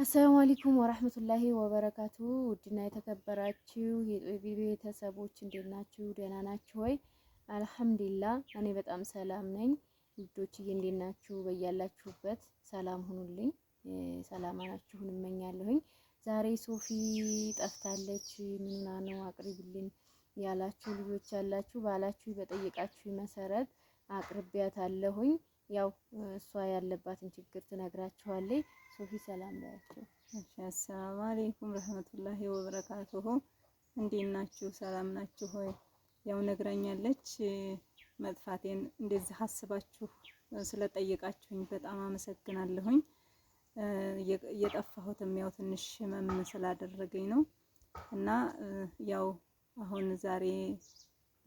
አሰላሙ አለይኩም ወራህመቱላሂ ወበረካቱ። ውድና የተከበራችሁ ቤተሰቦች እንዴት ናችሁ? ደህና ናችሁ ወይ? አልሐምዱሊላ እኔ በጣም ሰላም ነኝ። ውዶችዬ እንዴት ናችሁ? በያላችሁበት ሰላም ሁኑልኝ። ሰላማችሁን እመኛለሁኝ። ዛሬ ሶፊ ጠፍታለች ምኑና ነው አቅርቢልን ያላችሁ ልጆች ያላችሁ ባላችሁ በጠየቃችሁ መሰረት አቅርቢያት አለሁኝ ያው እሷ ያለባትን ችግር ትነግራችኋለች። ሶፊ ሰላም ላያችሁ። አሰላሙ አለይኩም ረህመቱላሂ ወበረካቱሁ። እንዴት ናችሁ? ሰላም ናችሁ ሆይ? ያው ነግራኛለች መጥፋቴን። እንደዚህ አስባችሁ ስለጠየቃችሁኝ በጣም አመሰግናለሁኝ። የጠፋሁትም ያው ትንሽ ህመም ስላደረገኝ ነው እና ያው አሁን ዛሬ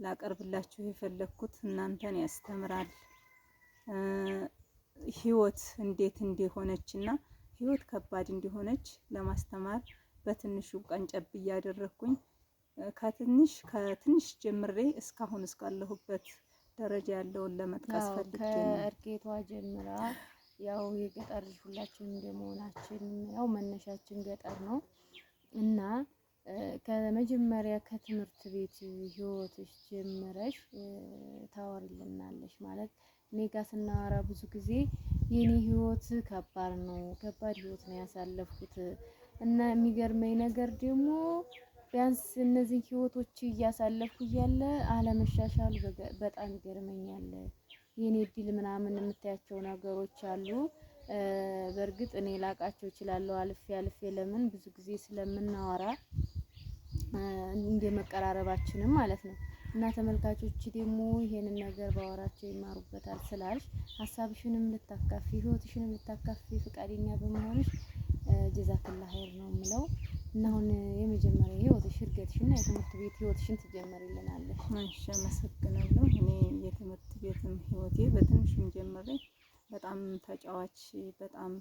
ላቀርብላችሁ የፈለግኩት እናንተን ያስተምራል ህይወት እንዴት እንደሆነች እና ህይወት ከባድ እንደሆነች ለማስተማር በትንሹ ቀንጨብ እያደረግኩኝ ከትንሽ ከትንሽ ጀምሬ እስካሁን እስካለሁበት ደረጃ ያለውን ለመጥቀስ ፈልጌ ከእርጌቷ ጀምራ ያው የገጠር ልጅ ሁላችን እንደመሆናችን ያው መነሻችን ገጠር ነው እና ከመጀመሪያ ከትምህርት ቤት ህይወትሽ ጀምረሽ ታወሪልናለሽ ማለት እኔ ጋር ስናወራ ብዙ ጊዜ የኔ ህይወት ከባድ ነው፣ ከባድ ህይወት ነው ያሳለፍኩት እና የሚገርመኝ ነገር ደግሞ ቢያንስ እነዚህ ህይወቶች እያሳለፍኩ እያለ አለመሻሻል በጣም ይገርመኛል። የኔ እድል ምናምን የምታያቸው ነገሮች አሉ። በእርግጥ እኔ ላቃቸው እችላለሁ አልፌ አልፌ ለምን ብዙ ጊዜ ስለምናወራ እንደ መቀራረባችንም ማለት ነው እና ተመልካቾች ደግሞ ይሄንን ነገር ባወራቸው ይማሩበታል ስላልሽ ሀሳብሽንም ልታካፊ ህይወትሽንም ልታካፊ ፈቃደኛ በመሆንሽ ጀዛክላ ሀይር ነው የምለው እና አሁን የመጀመሪያ ህይወትሽ እድገትሽና የትምህርት ቤት ህይወትሽን ትጀምሪልናለሽ። እሺ፣ አመሰግናለሁ። እኔ የትምህርት ቤትም ህይወቴ በትንሹም ጀምሬ በጣም ተጫዋች በጣም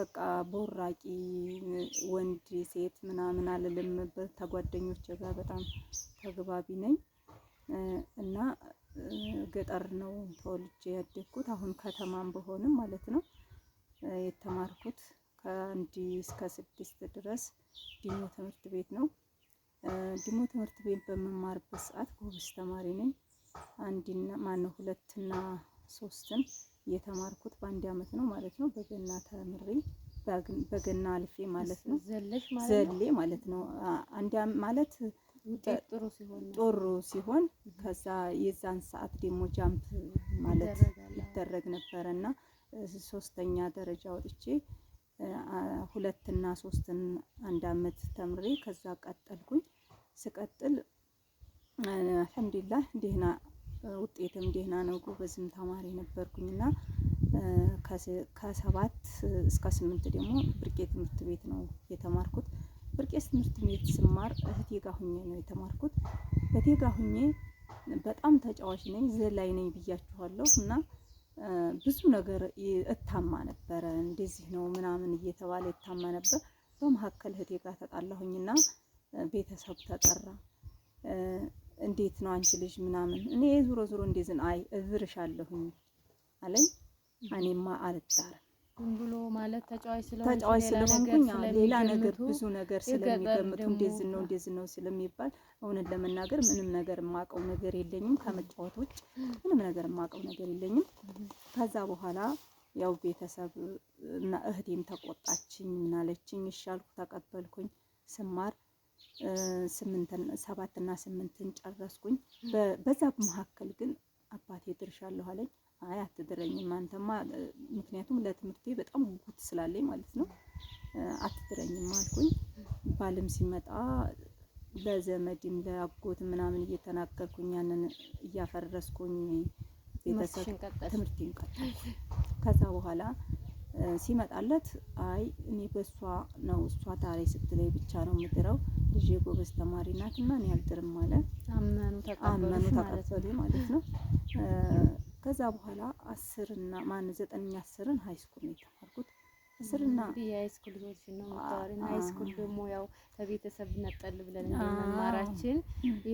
በቃ ቦራቂ ወንድ ሴት ምናምን አልልም። ተጓደኞች ጋር በጣም ተግባቢ ነኝ እና ገጠር ነው ተወልጄ ያደግኩት። አሁን ከተማም በሆንም ማለት ነው የተማርኩት ከአንድ እስከ ስድስት ድረስ ዲሞ ትምህርት ቤት ነው። ዲሞ ትምህርት ቤት በመማርበት ሰዓት ጎበዝ ተማሪ ነኝ። አንድና ማነው ሁለትና ሶስትን የተማርኩት በአንድ አመት ነው ማለት ነው። በገና ተምሬ በገና አልፌ ማለት ነው ዘሌ ማለት ነው አንድ ማለት ጥሩ ሲሆን ከዛ የዛን ሰዓት ደግሞ ጃምፕ ማለት ይደረግ ነበረ እና ሶስተኛ ደረጃ ወጥቼ ሁለትና ሶስትን አንድ አመት ተምሬ ከዛ ቀጠልኩኝ። ስቀጥል አልሐምዱሊላህ ደህና ውጤትም ደህና ነው። ጎበዝም ተማሪ ነበርኩኝና ከሰባት እስከ ስምንት ደግሞ ብርቄ ትምህርት ቤት ነው የተማርኩት። ብርቄስ ትምህርት ቤት ስማር እህቴ ጋር ሁኜ ነው የተማርኩት። እህቴ ጋር ሁኜ በጣም ተጫዋች ነኝ፣ ዘላይ ነኝ ብያችኋለሁ እና ብዙ ነገር እታማ ነበረ። እንደዚህ ነው ምናምን እየተባለ እታማ ነበር። በመካከል እህቴ ጋር ተጣላሁኝና ቤተሰብ ተጠራ። እንዴት ነው አንቺ ልጅ ምናምን እኔ ዞሮ ዞሮ እንደዚህ አይ እዝርሻለሁኝ አለኝ። እኔማ አልጣርም ብሎ ማለት ተጫዋች ስለሆንኩኝ ሌላ ነገር ብዙ ነገር ስለሚገምቱ እንደዚህ ነው እንደዚህ ነው ስለሚባል እውነት ለመናገር ምንም ነገር የማውቀው ነገር የለኝም። ከመጫወት ውጭ ምንም ነገር የማውቀው ነገር የለኝም። ከዛ በኋላ ያው ቤተሰብ እና እህቴም ተቆጣችኝ፣ እናለችኝ። ይሻልኩ ተቀበልኩኝ። ስማር ሰባትና ስምንትን ጨረስኩኝ። በዛ መካከል ግን አባቴ ድርሻለሁ አለኝ። አይ አትድረኝም አንተማ፣ ምክንያቱም ለትምህርቴ በጣም ጉጉት ስላለኝ ማለት ነው። አትድረኝም አልኩኝ። ባልም ሲመጣ ለዘመድም ለአጎትም ምናምን እየተናገርኩኝ ያንን እያፈረስኩኝ ቤተሰብ ትምህርቴን ቀጠልኩ። ከዛ በኋላ ሲመጣለት አይ እኔ በእሷ ነው እሷ ታሪክ ስትለኝ ብቻ ነው የምድረው ልጄ ጎበዝ ተማሪ ናት እና እኔ አልድርም አለ። አመኑ ተቀበሉ ማለት ነው። ከዛ በኋላ አስርና ማን ዘጠነኛ አስርን ሃይስኩል ነው የተማርኩት። አስርና የሃይስኩል ልጆች ነው ማለት ተዋሪና ሃይስኩል ደግሞ ያው ከቤተሰብ ነጠል ብለን መማራችን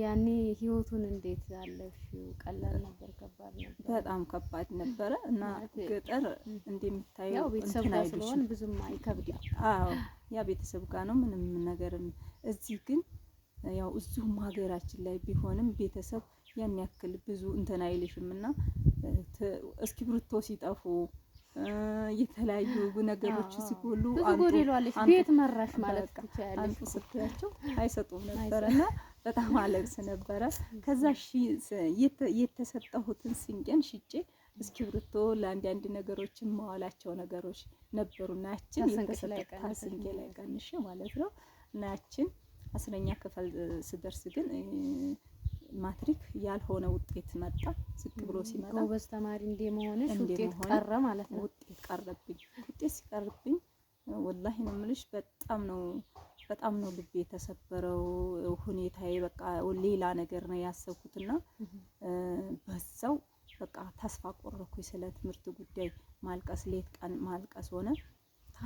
ያኔ ህይወቱን እንዴት አለሽ? ቀላል ነበር? ከባድ ነበር? በጣም ከባድ ነበረ እና ገጠር እንደሚታየው ያው ቤተሰብ ጋር ስለሆን ብዙም አይከብድም። አዎ ያ ቤተሰብ ጋር ነው ምንም ነገርም እዚህ ግን ያው እዚሁም ሀገራችን ላይ ቢሆንም ቤተሰብ ያን ያክል ብዙ እንትን አይልሽም እና እስክሪብቶ ሲጠፉ የተለያዩ ነገሮች ሲጎሉ ቤት መራሽ ማለት አንቱ ስትያቸው አይሰጡም ነበረ እና በጣም አለቅስ ነበረ። ከዛ የተሰጠሁትን ስንቄን ሽጬ እስክሪብቶ ለአንዳንድ ነገሮችን መዋላቸው ነገሮች ነበሩና ያችን የተሰጠታ ስንቄ ላይ ቀንሽ ማለት ነው ናችን አስረኛ ክፍል ስደርስ ግን ማትሪክ ያልሆነ ውጤት መጣ። ዝቅ ብሎ ሲመጣ ጎበዝ ተማሪ እንደ ውጤት ቀረ ማለት ነው። ውጤት ቀረብኝ። ውጤት ሲቀርብኝ ወላሂ ነው የምልሽ በጣም ነው በጣም ነው ልቤ የተሰበረው። ሁኔታዬ በቃ ሌላ ነገር ነው ያሰብኩትና በዛው በቃ ተስፋ ቆረኩኝ። ስለ ትምህርት ጉዳይ ማልቀስ ሌት ቀን ማልቀስ ሆነ።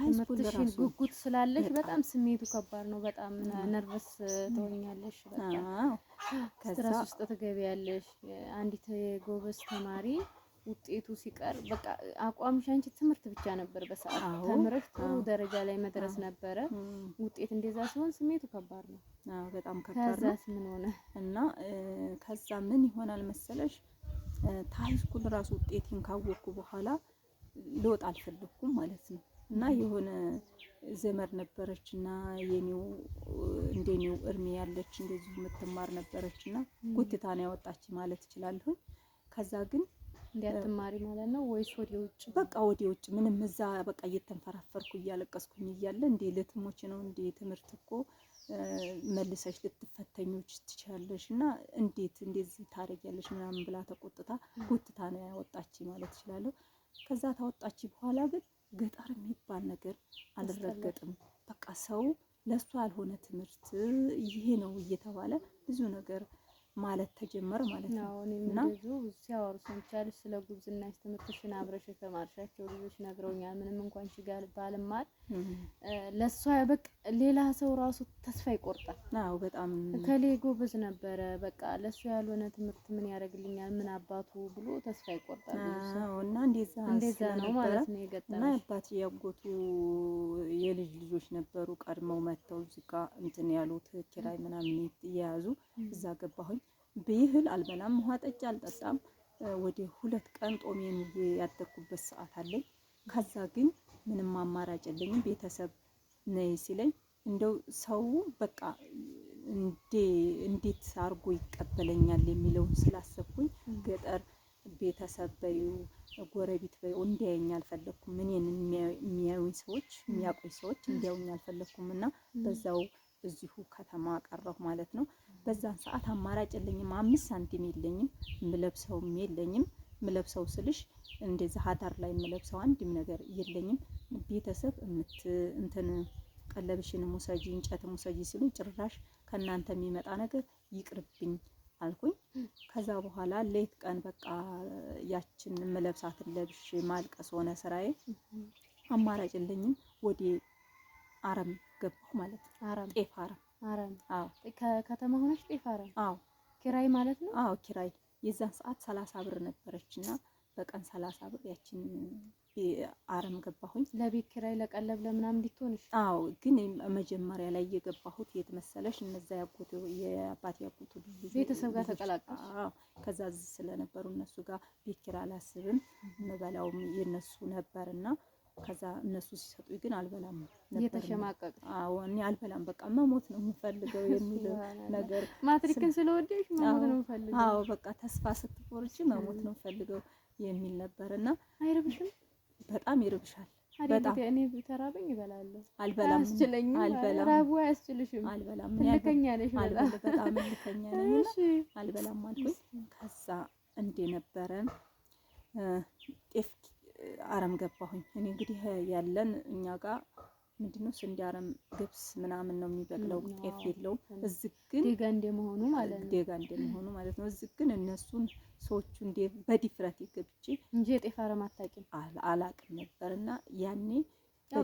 ትምህርትሽን ጉጉት ስላለሽ በጣም ስሜቱ ከባድ ነው። በጣም ነርቨስ ትሆኛለሽ፣ ስትረስ ውስጥ ትገቢያለሽ። አንዲት ጎበዝ ተማሪ ውጤቱ ሲቀር በቃ አቋምሽ አንቺ ትምህርት ብቻ ነበር። በሰዓት ተምረሽ ጥሩ ደረጃ ላይ መድረስ ነበረ። ውጤት እንደዛ ሲሆን ስሜቱ ከባድ ነው። በጣም ከባድ ምን ሆነ እና ከዛ ምን ይሆናል መሰለሽ ታይስኩል ራሱ ውጤቴን ካወቅኩ በኋላ ልወጣ አልፈለኩም ማለት ነው እና የሆነ ዘመድ ነበረች እና የኔው እንደኔው እርሜ ያለች እንደዚሁ የምትማር ነበረች እና ጉትታ ነው ያወጣች ማለት እችላለሁ። ከዛ ግን እንዲያትማሪ ማለት ነው ወይስ ወደ ውጭ? በቃ ወደ ውጭ ምንም እዛ በቃ እየተንፈራፈርኩ እያለቀስኩኝ እያለ እንዴ ልትሞች ነው እንዴ ትምህርት እኮ መልሰሽ ልትፈተኞች ትችላለሽ እና እንዴት እንደዚህ ታደርጊያለሽ ምናምን ብላ ተቆጥታ ጉትታ ነው ያወጣች ማለት እችላለሁ። ከዛ ታወጣች በኋላ ግን ገጠር የሚባል ነገር አልረገጥም። በቃ ሰው ለእሱ ያልሆነ ትምህርት ይሄ ነው እየተባለ ብዙ ነገር ማለት ተጀመረ ማለት ነው። እና ሲያወሩ ሰምቻለሁ። ስለ ጉብዝና ትምህርትሽን አብረሽ የተማርሻቸው ልጆች ነግረውኛል። ምንም እንኳን ችጋር ባልማር ለእሷ በቃ ሌላ ሰው ራሱ ተስፋ ይቆርጣል። አዎ በጣም ከሌ ጎበዝ ነበረ፣ በቃ ለእሱ ያልሆነ ትምህርት ምን ያደርግልኛል፣ ምን አባቱ ብሎ ተስፋ ይቆርጣል። እና እንደዛ ነው ማለት ነው የገጠመው። እና አባት ያጎቱ የልጅ ልጆች ነበሩ ቀድመው መጥተው እዚህ ጋ እንትን ያሉት ትክክል ምናምን እየያዙ እዛ ገባሁኝ ብይህል አልበላም፣ ውሃ ጠጭ አልጠጣም። ወደ ሁለት ቀን ጦሜን ያደግኩበት ሰዓት አለኝ። ከዛ ግን ምንም አማራጭ የለኝም። ቤተሰብ ነይ ሲለኝ እንደው ሰው በቃ እንዴት አድርጎ ይቀበለኛል የሚለውን ስላሰብኩኝ ገጠር ቤተሰብ በዩ ጎረቤት በዩ እንዲያየኝ አልፈለግኩም። እኔን የሚያዩኝ ሰዎች የሚያውቁኝ ሰዎች እንዲያዩኝ አልፈለግኩም እና በዛው እዚሁ ከተማ ቀረሁ ማለት ነው። በዛን ሰዓት አማራጭ የለኝም፣ አምስት ሳንቲም የለኝም፣ ምለብሰውም የለኝም። ምለብሰው ስልሽ እንደዛ ሀዳር ላይ ምለብሰው አንድም ነገር የለኝም። ቤተሰብ እንትን ቀለብሽን ሙሰጂ እንጨት ሙሰጂ ሲሉ ጭራሽ ከእናንተ የሚመጣ ነገር ይቅርብኝ አልኩኝ። ከዛ በኋላ ሌት ቀን በቃ ያችን ምለብሳትን ለብሽ ማልቀስ ሆነ ስራዬ። አማራጭ የለኝም ወዴ አረም ገባሁ ማለት ነው። አረም ጤፍ አረም አረም። አዎ ከከተማ ሆነሽ ጤፍ አረም። አዎ ኪራይ ማለት ነው። አዎ ኪራይ የዛን ሰዓት ሰላሳ ብር ነበረች እና በቀን ሰላሳ ብር ያችን አረም ገባሁኝ። ለቤት ኪራይ ለቀለብ ለምናምን እንዲትሆንሽ። አዎ ግን መጀመሪያ ላይ የገባሁት የት መሰለሽ? እነዛ ያጎቱ የአባቴ ያጎቱ ቤተሰብ ጋር ተቀላቀል። አዎ ከዛ ስለነበሩ እነሱ ጋር ቤት ኪራይ አላስብም የምበላውም የነሱ ነበርና ከዛ እነሱ ሲሰጡ ግን አልበላም ነበር አዎ እኔ አልበላም በቃ መሞት ነው የምፈልገው የሚል ነገር ማትሪክን ስለወደሽ መሞት ነው የምፈልገው አዎ በቃ ተስፋ ስትቆርጪ መሞት ነው የምፈልገው የሚል ነበርና አይርብሽም በጣም ይርብሻል በጣም አያስችልሽም አልበላም ከዛ እንዴ ነበረ ጤፍ አረም ገባሁኝ። እኔ እንግዲህ ያለን እኛ ጋር ምንድነው ስንዴ፣ አረም፣ ገብስ ምናምን ነው የሚበቅለው፣ ጤፍ የለውም። እዚህ ግን ደጋ እንደመሆኑ ማለት ነው ደጋ እንደመሆኑ ማለት ነው። እዚህ ግን እነሱን ሰዎቹ እንደ በዲፍረት ይገብጪ እንጂ የጤፍ አረም አታውቂም አላውቅም ነበር እና ያኔ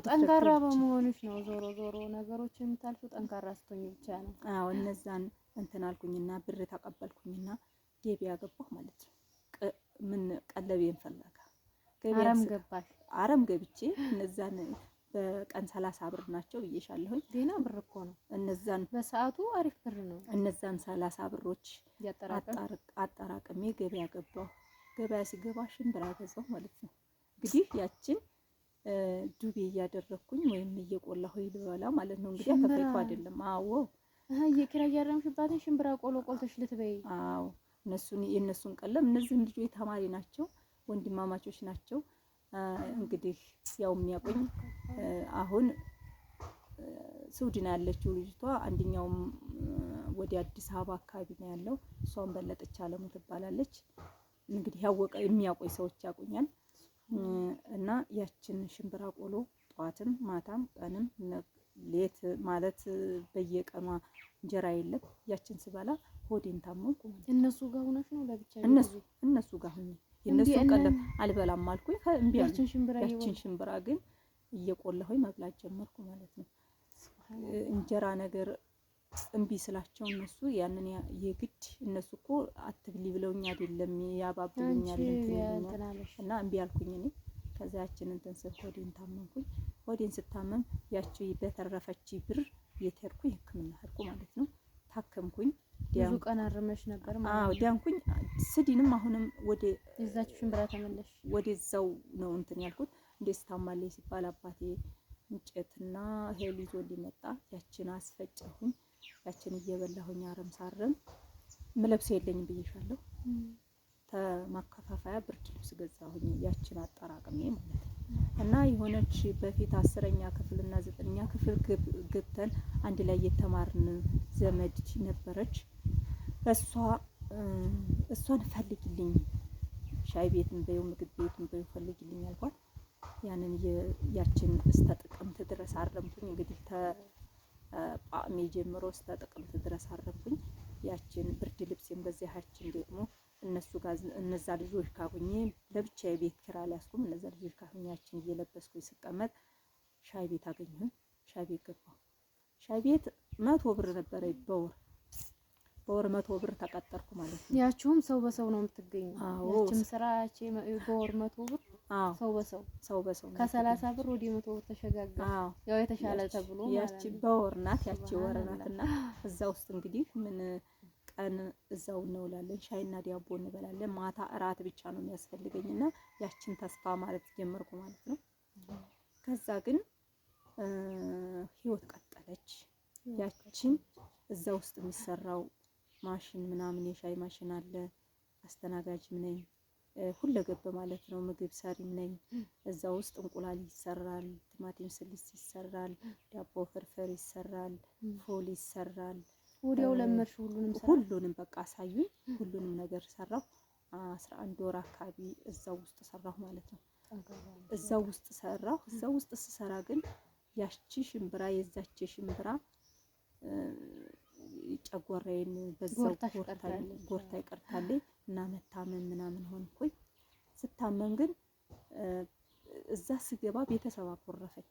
ጠንካራ በመሆንሽ ነው። ዞሮ ዞሮ ነገሮች የምታልፉ ጠንካራ ስትሆኝ ብቻ ነው። አዎ እነዛን እንትን አልኩኝና ብር ተቀበልኩኝና ገቢያ ገባሁ ማለት ነው። ምን ቀለብ ፈለገ አረም ገባሽ? አረም ገብቼ እነዛን በቀን ሰላሳ ብር ናቸው ብዬሻለሁኝ። ዜና ብር እኮ ነው። እነዛን በሰዓቱ አሪፍ ብር ነው። እነዛን ሰላሳ ብሮች አጠራቅሜ ገበያ ገባሁ። ገበያ ሲገባ ሽምብራ ገዛሁ ማለት ነው። እንግዲህ ያችን ዱቤ እያደረግኩኝ ወይም እየቆላሁ ልበላ ማለት ነው። እንግዲህ ተፈልኩ አይደለም። አዎ የኪራይ ያረምሽባትን ሽምብራ ቆሎ ቆልተሽ ልትበይ። አዎ እነሱን የእነሱን ቀለም እነዚህም ልጆች ተማሪ ናቸው ወንድማማቾች ናቸው። እንግዲህ ያው የሚያቆኝ አሁን ስውድን ያለችው ልጅቷ አንደኛውም ወደ አዲስ አበባ አካባቢ ነው ያለው። እሷን በለጠች አለሙ ትባላለች። እንግዲህ ያወቀ የሚያቆይ ሰዎች ያቆኛል እና ያችን ሽምብራ ቆሎ ጠዋትም ማታም ቀንም ሌት ማለት በየቀኗ እንጀራ የለም። ያችን ስበላ ሆዴን ታመቁ። እነሱ ጋር እውነት ነው ለብቻ እነሱ ጋር ሆኜ የነሱ ቀለብ አልበላም አልኩኝ። ሽምብራ ያችን ሽምብራ ግን እየቆለሁኝ መብላት ጀመርኩ ማለት ነው። እንጀራ ነገር እምቢ ስላቸው እነሱ ያንን የግድ እነሱ እኮ አትብሊ ብለውኝ አይደለም ያባብሉኛል እና እምቢ አልኩኝ እኔ። ከዛ ያችን እንትን ስል ሆዴን ታመምኩኝ። ሆዴን ስታመም ያቺ በተረፈች ብር የተርኩኝ ሕክምና ሄድኩ ማለት ነው። ታከምኩኝ። ብዙ ቀን አርመሽ ነበር ማለት ነው። ዲያንኩኝ ስዲንም አሁንም ወደ እዛች ሽምብራ ተመለሽ። ወደዛው ነው እንትን ያልኩት እንደ ስታማለኝ ሲባል አባቴ እንጨትና እህል ይዞ ሊመጣ ያችን አስፈጨሁኝ። ያችን እየበላሁኝ አረም ሳረም ምለብሰው የለኝም ብዬሻለሁ። ተማከፋፈያ ብርድ ልብስ ገዛሁኝ ያችን አጠራቅሜ ማለት ነው። እና የሆነች በፊት አስረኛ ክፍል እና ዘጠነኛ ክፍል ገብተን አንድ ላይ የተማርን ዘመድ ነበረች። እሷ እሷን ፈልግልኝ ሻይ ቤትም በይው ምግብ ቤትም በይው ፈልግልኝ አልኳት። ያንን ያችን እስከ ጥቅምት ድረስ አረምኩኝ። እንግዲህ ተጳሜ ጀምሮ እስከ ጥቅምት ድረስ አረምኩኝ። ያችን ብርድ ልብሴን በዚያችን ደግሞ እነሱ ጋር እነዛ ልጆች ካሁኜ ለብቻ የቤት ኪራይ አልያዝኩም። እነዛ ልጆች ካሁኛችን እየለበስኩኝ ስቀመጥ ሻይ ቤት አገኘሁኝ። ሻይ ቤት ገባሁ። ሻይ ቤት መቶ ብር ነበረ በወር በወር መቶ ብር ተቀጠርኩ ማለት ነው። ያችሁም ሰው በሰው ነው የምትገኘው። ያችም ስራ ያቺ በወር መቶ ብር ሰው በሰው ሰው በሰው ከሰላሳ ብር ወደ መቶ ብር ተሸጋገረ። ያው የተሻለ ተብሎ ማለት ነው። ያቺ በወር ናት፣ ያቺ ወር ናት። እና እዛ ውስጥ እንግዲህ ምን ቀን እዛው እንውላለን፣ ሻይና ዳቦ እንበላለን። ማታ እራት ብቻ ነው የሚያስፈልገኝ እና ያችን ተስፋ ማለት ጀመርኩ ማለት ነው። ከዛ ግን ህይወት ቀጠለች። ያችን እዛ ውስጥ የሚሰራው ማሽን ምናምን የሻይ ማሽን አለ። አስተናጋጅም ነኝ ሁለገብ ማለት ነው። ምግብ ሰሪም ነኝ። እዛ ውስጥ እንቁላል ይሰራል፣ ቲማቲም ስልስ ይሰራል፣ ዳቦ ፍርፍር ይሰራል፣ ፎል ይሰራል፣ ወዲያው ለመርሽ ሁሉንም ሁሉንም በቃ አሳዩኝ። ሁሉንም ነገር ሰራሁ። አስራ አንድ ወር አካባቢ እዛው ውስጥ ሰራሁ ማለት ነው። እዛው ውስጥ ሰራሁ። እዛው ውስጥ ስሰራ ግን ያቺ ሽምብራ የዛች ሽምብራ ጨጓራዬን በዛው ጎርታ ይቀርታለኝ እና መታመም ምናምን ሆንኩኝ። ስታመም ግን እዛ ስገባ ቤተሰብ አኮረፈኝ።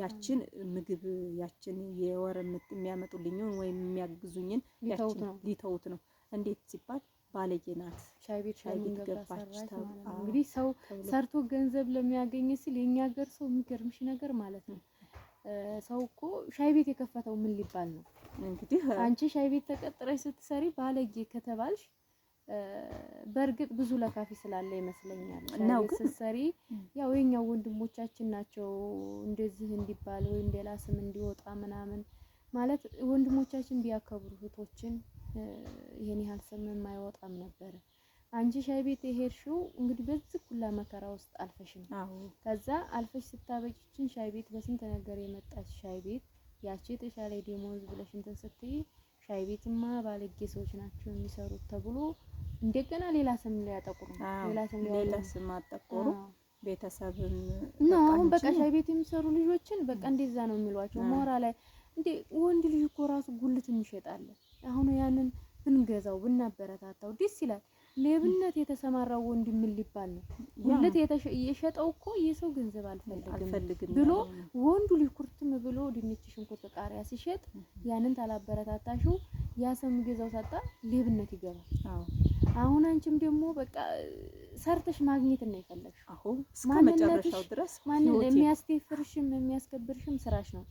ያችን ምግብ ያችን የወር የሚያመጡልኝን ወይም የሚያግዙኝን ሊተውት ነው። እንዴት ሲባል ባለጌ ናት፣ ሻይ ቤት ገባች። እንግዲህ ሰው ሰርቶ ገንዘብ ለሚያገኝ ሲል የኛ ሀገር ሰው የሚገርምሽ ነገር ማለት ነው ሰው እኮ ሻይ ቤት የከፈተው ምን ሊባል ነው? እንግዲህ አንቺ ሻይ ቤት ተቀጥረሽ ስትሰሪ ባለጌ ከተባልሽ በእርግጥ ብዙ ለካፊ ስላለ ይመስለኛል ነው ስሰሪ ያው የኛው ወንድሞቻችን ናቸው እንደዚህ እንዲባል ወይም ሌላ ስም እንዲወጣ ምናምን ማለት ወንድሞቻችን ቢያከብሩ እህቶችን ይሄን ያህል ስም የማይወጣም ነበረ። አንቺ ሻይ ቤት የሄድሽው እንግዲህ በዚህ ሁላ መከራ ውስጥ አልፈሽ ነው። ከዛ አልፈሽ ስታበቂችን ሻይ ቤት በስንት ነገር የመጣች ሻይ ቤት ያቺ የተሻለ ደሞዝ ብለሽ እንትን ስትይ ሻይ ቤትማ ባለጌ ሰዎች ናቸው የሚሰሩት ተብሎ እንደገና ሌላ ስም ሊያጠቁሩ ሌላ ስም ሌላ ስም አጠቁሩ። ቤተሰብም ነው። አሁን በቃ ሻይ ቤት የሚሰሩ ልጆችን በቃ እንደዛ ነው የሚሏቸው። ሞራ ላይ እንዴ ወንድ ልጅ እኮ ራሱ ጉልት እንሸጣለን። አሁን ያንን ብንገዛው ብናበረታታው ደስ ይላል። ሌብነት የተሰማራው ወንድ ምን ሊባል ነው? ጉልት የሸጠው እኮ የሰው ገንዘብ አልፈልግም ብሎ ወንዱ ሊኩርትም ብሎ ድንች፣ ሽንኩርት፣ ቃሪያ ሲሸጥ ያንን ታላበረታታሽው ያ ሰው የሚገዛው ሳጣ ሌብነት ይገባል። አሁን አንቺም ደግሞ በቃ ሰርተሽ ማግኘት ነው የፈለግሽው አሁን ማንነትሽ ድረስ ማን የሚያስከብርሽም የሚያስከብርሽም ስራሽ ነው።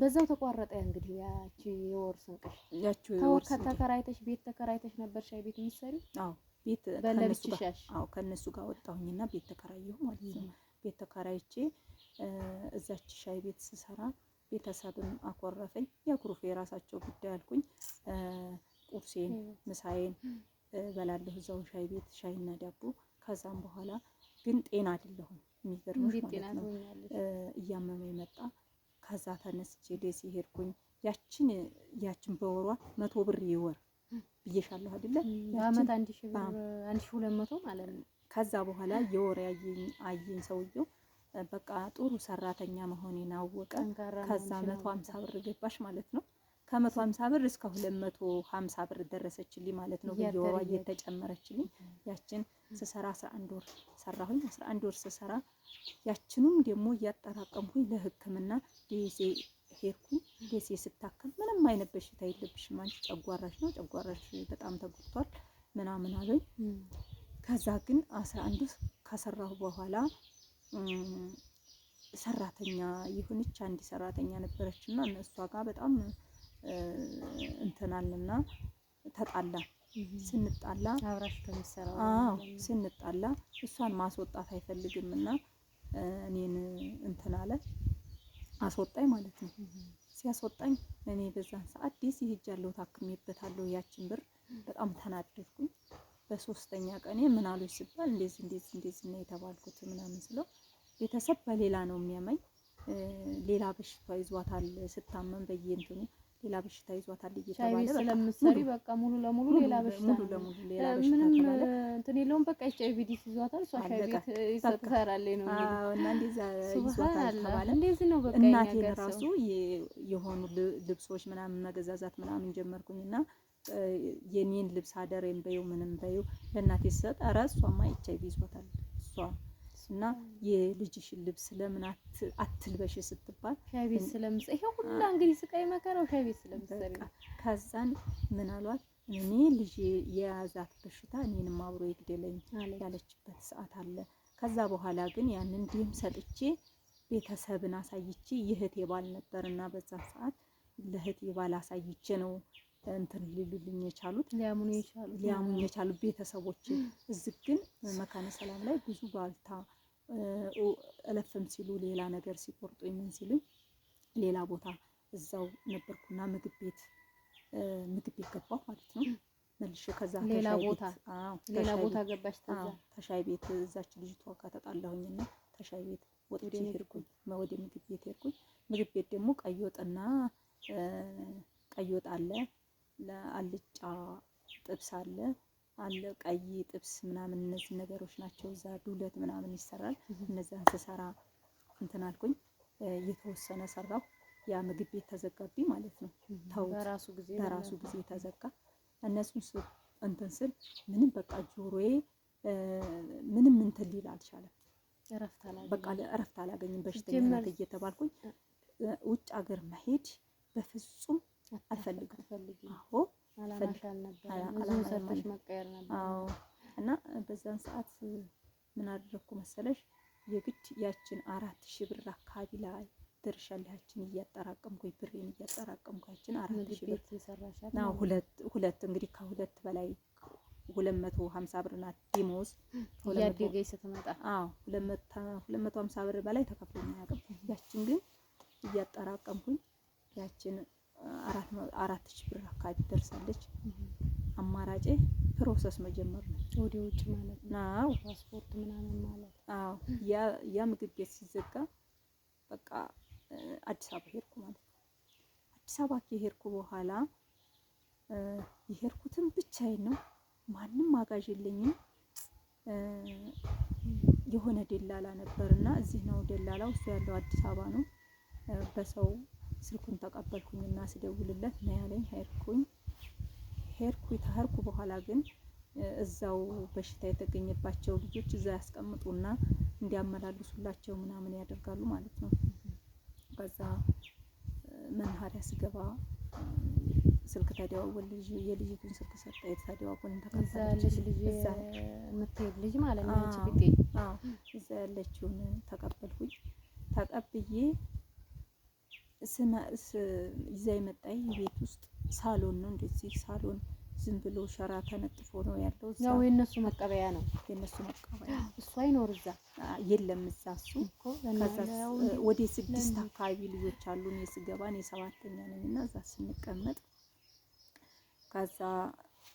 በዛው ተቋረጠ። እንግዲህ ያቺ የወር ስንቅሽ ያቺ የወር ተከራይተሽ ቤት ተከራይተሽ ነበር ሻይ ቤት የምትሰሪው? አዎ ቤት ከእነሱ ጋር ወጣሁኝና ቤት ተከራየሁ ማለት ነው። ቤት ተከራይቼ እዛች ሻይ ቤት ስሰራ ቤተሰብም አኮረፈኝ። የኩሩፍ የራሳቸው ጉዳይ አልኩኝ። ቁርሴን ምሳዬን በላለሁ እዛው ሻይ ቤት ሻይና ዳቦ። ከዛም በኋላ ግን ጤና አይደለሁም የሚገርምሽ ማለት ነው እያመመ የመጣ ከዛ ተነስቼ ደሴ ሄድኩኝ። ያችን ያችን በወሯ መቶ ብር ይወር ብዬሻለሁ አይደለ? በአመት አንድ ሺ ብር አንድ ሺ ሁለት መቶ ማለት ነው። ከዛ በኋላ የወር ያየኝ አየኝ ሰውየው በቃ ጥሩ ሰራተኛ መሆኔን አወቀ። ከዛ መቶ ሀምሳ ብር ገባሽ ማለት ነው። ከመቶ ሀምሳ ብር እስከ ሁለት መቶ ሀምሳ ብር ደረሰችልኝ ማለት ነው። በየወሯ እየተጨመረችልኝ ያችን ስሰራ አስራ አንድ ወር ሰራሁኝ። አስራ አንድ ወር ስሰራ ያችንም ደግሞ እያጠራቀምኩኝ ለህክምና ጊዜ ሄድኩ። ደሴ ስታከም ምንም አይነት በሽታ የለብሽም አንቺ ጨጓራሽ ነው ጨጓራሽ በጣም ተጎድቷል ምናምን አለኝ። ከዛ ግን አስራ አንድ ከሰራሁ በኋላ ሰራተኛ የሆነች አንድ ሰራተኛ ነበረች እና እነሷ ጋር በጣም እንትናልና ተጣላ ስንጣላ አብራሽ አዎ ስንጣላ እሷን ማስወጣት አይፈልግም እና እኔን እንትን አለ አስወጣኝ ማለት ነው። ሲያስወጣኝ እኔ በዛን ሰዓት ዲሲ ሄጃለሁ ታክሜበታለሁ። ያችን ብር በጣም ተናደድኩኝ። በሶስተኛ ቀኔ ምን አሉኝ ሲባል እንደዚህ እንደዚህ እንደዚህ ነው የተባልኩት ምናምን ስለው ቤተሰብ በሌላ ነው የሚያመኝ ሌላ በሽታ ይዟታል ስታመም በየእንትኑ ሌላ በሽታ ይዟታል እየተባለ ስለምትሰሪ በቃ ሙሉ ለሙሉ ሌላ በሽታ ምንም እንትን የለውም። በቃ ኤች አይ ቪ ዲስ ይዟታል እሷ ሻይ ቤት ነው እና እንደዛ ይዟታል ተባለ። እንደዚህ ነው በቃ እናቴን ራሱ የሆኑ ልብሶች ምናምን መገዛዛት ምናምን እና የኔን ልብስ አደረ በይው ምንም በዩ ለእናቴ ስሰጥ ኧረ እሷማ ኤች አይ ቪ ይዟታል እሷ እና የልጅሽን ልብስ ለምን አትልበሽ ስትባል ሻቤት ስለምጽ ይሄ ሁላ እንግዲህ ስቃይ መከራው ሻቤት ስለምጽ ከዛን ምን አሏት እኔ ልጅ የያዛት በሽታ እኔንም አብሮ ይግደለኝ ያለችበት ሰዓት አለ። ከዛ በኋላ ግን ያንን ደም ሰጥቼ ቤተሰብን አሳይቼ ይህት የባል ነበር እና በዛ ሰዓት ለህት የባል አሳይቼ ነው እንትን ሊሉልኝ የቻሉት ሊያሙኝ የቻሉት ቤተሰቦች። እዚህ ግን መካነ ሰላም ላይ ብዙ ባልታ እለፍም ሲሉ ሌላ ነገር ሲቆርጡ ምን ሲሉ ሌላ ቦታ እዛው ነበርኩና ምግብ ቤት ምግብ ቤት ገባሁ ማለት ነው። መልሼ ከዛ ሌላ ቦታ አዎ፣ ሌላ ቦታ ገባሽ። ታዛ ተሻይ ቤት እዛች ልጅቷ ከተጣላሁኝና ተሻይ ቤት ወጥቼ ሄድኩኝ፣ ወደ ምግብ ቤት ሄድኩኝ። ምግብ ቤት ደግሞ ቀይ ወጥና ቀይ ወጥ አለ፣ ለአልጫ ጥብስ አለ፣ አለ ቀይ ጥብስ ምናምን እነዚህ ነገሮች ናቸው። እዛ ዱለት ምናምን ይሰራል። እነዚያን ስሰራ እንትን አልኩኝ። የተወሰነ ሰራሁ። ያ ምግብ ቤት ተዘጋቢ ማለት ነው። በራሱ ጊዜ በራሱ ጊዜ ተዘጋ። እነሱን እንትን ስል ምንም በቃ ጆሮዬ ምንም እንትን ሊል አልቻለም። በቃ እረፍት አላገኝም። በሽተኛ እየተባልኩኝ ውጭ ሀገር መሄድ በፍጹም አልፈልግም። አሁን አዎ እና በዛን ሰዓት ምን አደረግኩ መሰለሽ የግድ ያችን አራት ሺህ ብር አካባቢ ላይ ደርሻለሁ። ያችን እያጠራቀምኩኝ ብሬን እያጠራቀምኩ ያችን አራት ሺህ ብር እና ሁለት ሁለት እንግዲህ ከሁለት በላይ ሁለት መቶ ሀምሳ ብር ናት ዲሞዝ ያደገ ስትመጣ አዎ ሁለት መቶ ሀምሳ ብር በላይ ተከፍሎኝ አያውቅም። ያችን ግን እያጠራቀምኩኝ ያችን አራት ሺህ ብር አካባቢ ደርሳለች። አማራጭ ፕሮሰስ መጀመር ነው። ወደ ውጭ ማለት ነው። ፓስፖርት ምናምን ማለት አዎ። ያ ምግብ ቤት ሲዘጋ በቃ አዲስ አበባ ሄድኩ ማለት ነው። አዲስ አበባ ከሄድኩ በኋላ የሄድኩትን ብቻዬን ነው። ማንም አጋዥ የለኝም። የሆነ ደላላ ነበር እና እዚህ ነው ደላላው፣ እሱ ያለው አዲስ አበባ ነው። በሰው ስልኩን ተቀበልኩኝና ስደውልለት ነው ያለኝ። ሄድኩኝ ከሄድኩ ከሄድኩ በኋላ ግን እዛው በሽታ የተገኘባቸው ልጆች እዛ ያስቀምጡና እንዲያመላልሱላቸው ምናምን ያደርጋሉ ማለት ነው። ከዛ መናኸሪያ ስገባ ስልክ ተደዋወል ልጅ የልጅቱን ስልክ ሰጠኝ። ተደዋወልን ተቀበለች። እዛ የምትሄድ ልጅ ማለት ነው። አዎ እዛ ያለችውን ተቀበልኩኝ። ተቀብዬ ስማ ይዛ የመጣኝ ቤት ውስጥ ሳሎን ነው እንደዚህ ሳሎን ዝም ብሎ ሸራ ተነጥፎ ነው ያለው። እዛ ያው የነሱ መቀበያ ነው የነሱ መቀበያ። እሱ አይኖር እዛ የለም እዛ እሱ ወደ ስድስት አካባቢ ልጆች አሉ። እኔ ስገባ እኔ ሰባተኛ ነኝ እና እዛ ስንቀመጥ ከዛ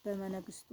በመነግስቱ